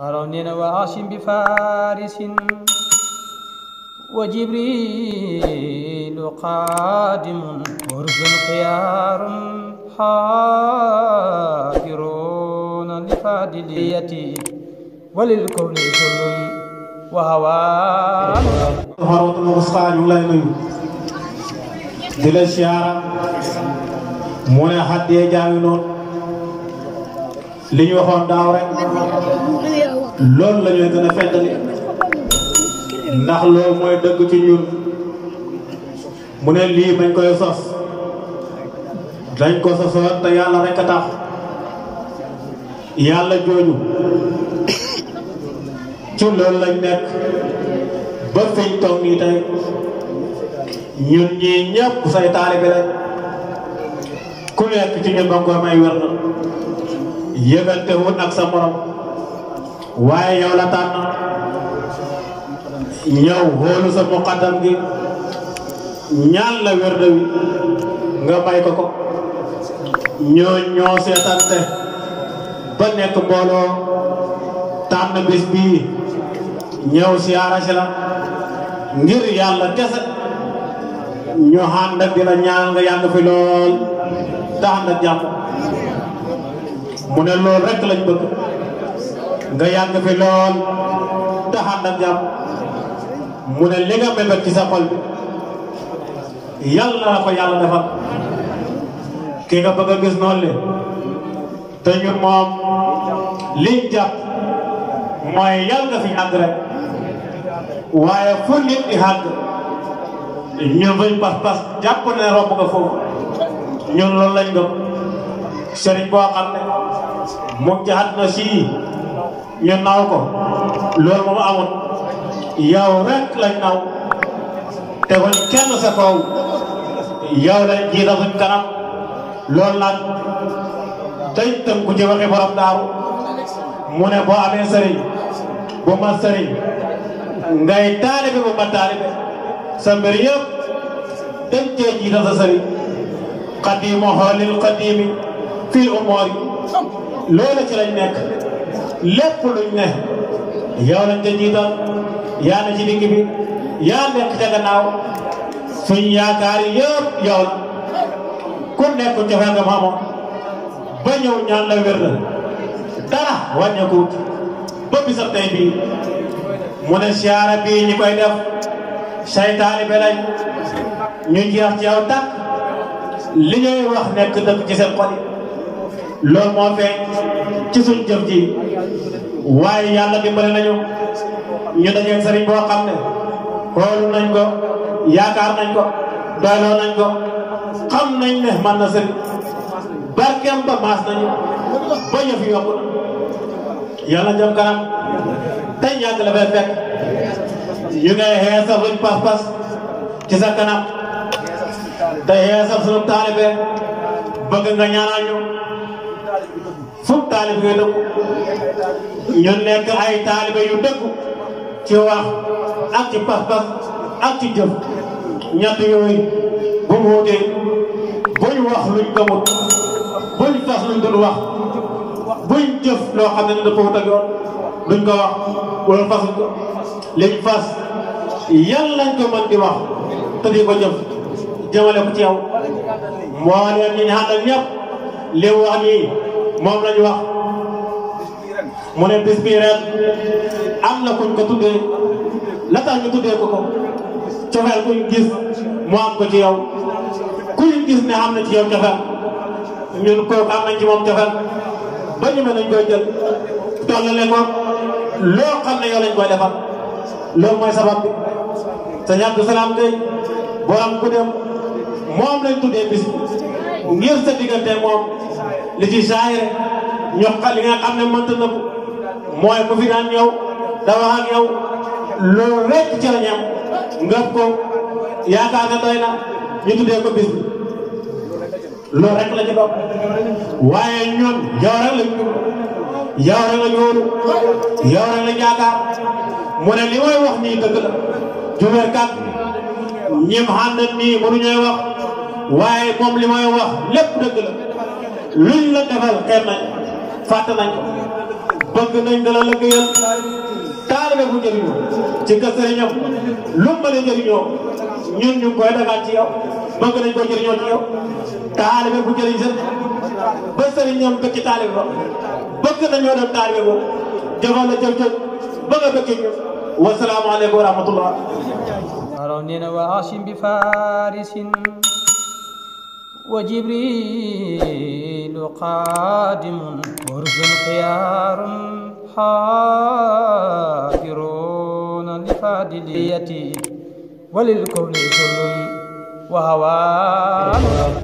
هارون وعاصم بفارس وجبريل قادم ورسل خيار حافرون لفاضليتي وللكون كل وهوان هاروت الوسطى ñu lay nuyu di la siyaara mu ne xaddee jaawi noon li ñu waxoon daaw rek loolu la ñuy gën a ndax loolu mooy dëgg ci ñun mu ne lii bañ koy sos dañ ko sosoon te yàlla rek tax yàlla jooju ci loolu lañ nekk ba fiñ toog nii tey ñun ñii ñëpp say taalibe rek ku nekk ci ñun ba nga koy may wér na yëgante woon ak sa morom. waaye yow la tànn yow wóolu sa muqaddam gi ñaan la wérde wi nga may ko ko ñoo ñoo seetante ba nekk mbooloo tànn bis bii ñëw siyaara si la ngir yàlla kese ñu ànd ak dina ñaan nga yàgg fi lool te ànd ak mu ne loolu rek lañ bëgg nga yàgg fi lool taxaat na mu ne li nga mébét ci sa xol bi yàlla na la ko yàlla defal ki nga bëgg a le te ñun moom liñ jàpp mooy yàlla nga fi àgg rek waaye fu nit di àgg ñun jàpp ne romb nga foofu ñun loolu lañ gëm sëriñ boo xam ne moom ci àdduna ñu naaw ko loolu moom amut yow rek lañ naaw te fañ kenn sa kaw lañ jiital kanam loolu nag tey tënk ku ci waxi daaru mu ne boo amee sëriñ bu ma sëriñ ngay taalibe bu ma taalibe sa mbir yëpp dañ cee jiital sa sëriñ xadiimu xoolil xadiimi fil umoor yi ci lañ nekk lépp luñ ne yow lañ ca jiital yaa ne ci digg bi yaa nekk ca gannaaw suñ yaakaar yëpp yow la ku nekk cofee nga maamoon ba ñëw ñaan la wér la dara wàññeeku ba bisab tey bii mu koy def saytaani be lañ ñu jeex ci yow tàkk li ñuy wax nekk dëgg ci seen xol yi loolu moo feeñ ci suñ jëf ji waaye yàlla dimbale nañu ñu dajeel sëriñ boo xam ne xoolu nañ ko yaakaar nañ ko doyloo nañ ko xam nañ ne man na sëriñ barkeem ba maas nañu ba yëf yi yokku yàlla kanam tey ñàkk la fay fekk ñu ngay xeesal pas-pas ci sa kanam te xeesal sunu taalibe bëgg nga ñaanal ñu fukk taalibe yu dëkku ñu nekk ay yu dëkku ci wax ak ci pas-pas ak ci jëf ñett yooyu bu mu wutee buñ wax luñ gëmut buñ fas luñ dul wax buñ jëf loo xam ne dafa wut ak yoon duñ ko wax wala fasuñ ko liñ fas yàlla lañ ko mën di wax te di jëf jëmale ko ci yow moo leen ñu ñaanal ñëpp moom lañu wax mu ne bis bii am na kuñ ko tuddee la tax ñu tuddee ko ko kuñ gis mu ko ci yow kuñ gis ne am na ci yow cofeel ñun kooku am na ci moom cofeel ba ñu mën nañ koy jël tollale ko loo xam ne yow lañ koy defal loolu mooy sabab bi sa ñàkk salaam tey boo am ku dem moom lañ tuddee bis ngir sa diggante moom li ci saayir ñoqa li nga xam ne mënta mooy ku fi daan ñëw da wax ak yow rek ci la ñam ngëb ko yaakaar na doy na ñu tuddee ko bis bi rek la ci bopp waaye ñoom yow rek lañ jub yow rek lañ wóolu yow rek lañ yaakaar mu ne li may wax nii dëgg la jubeer kat ñim xam ne nii mënuñoo wax waaye moom li may wax lépp dëgg la luñ la defal xeeb nañ fàtte nañ ko bëgg nañ dala lëggéeyal taalibe bu njëriñoo ci kër sëriñam lu ma la njëriñoo ñun ñu koy dagaan ci yow bëgg nañ ko jëriñoo ci yow taalibe bu jëriñ sën ba sëriñam bëgg ci taalibe ba bëgg nañoo dem taalibe boobu jëfal la jëf jëf ba nga bëgg ñu wa salaamu aleykum wa rahmatullah. waaw bi Farisin وجبريل قادم ورس خيار حاضرون لفاضليتي وللكون ذل وهوان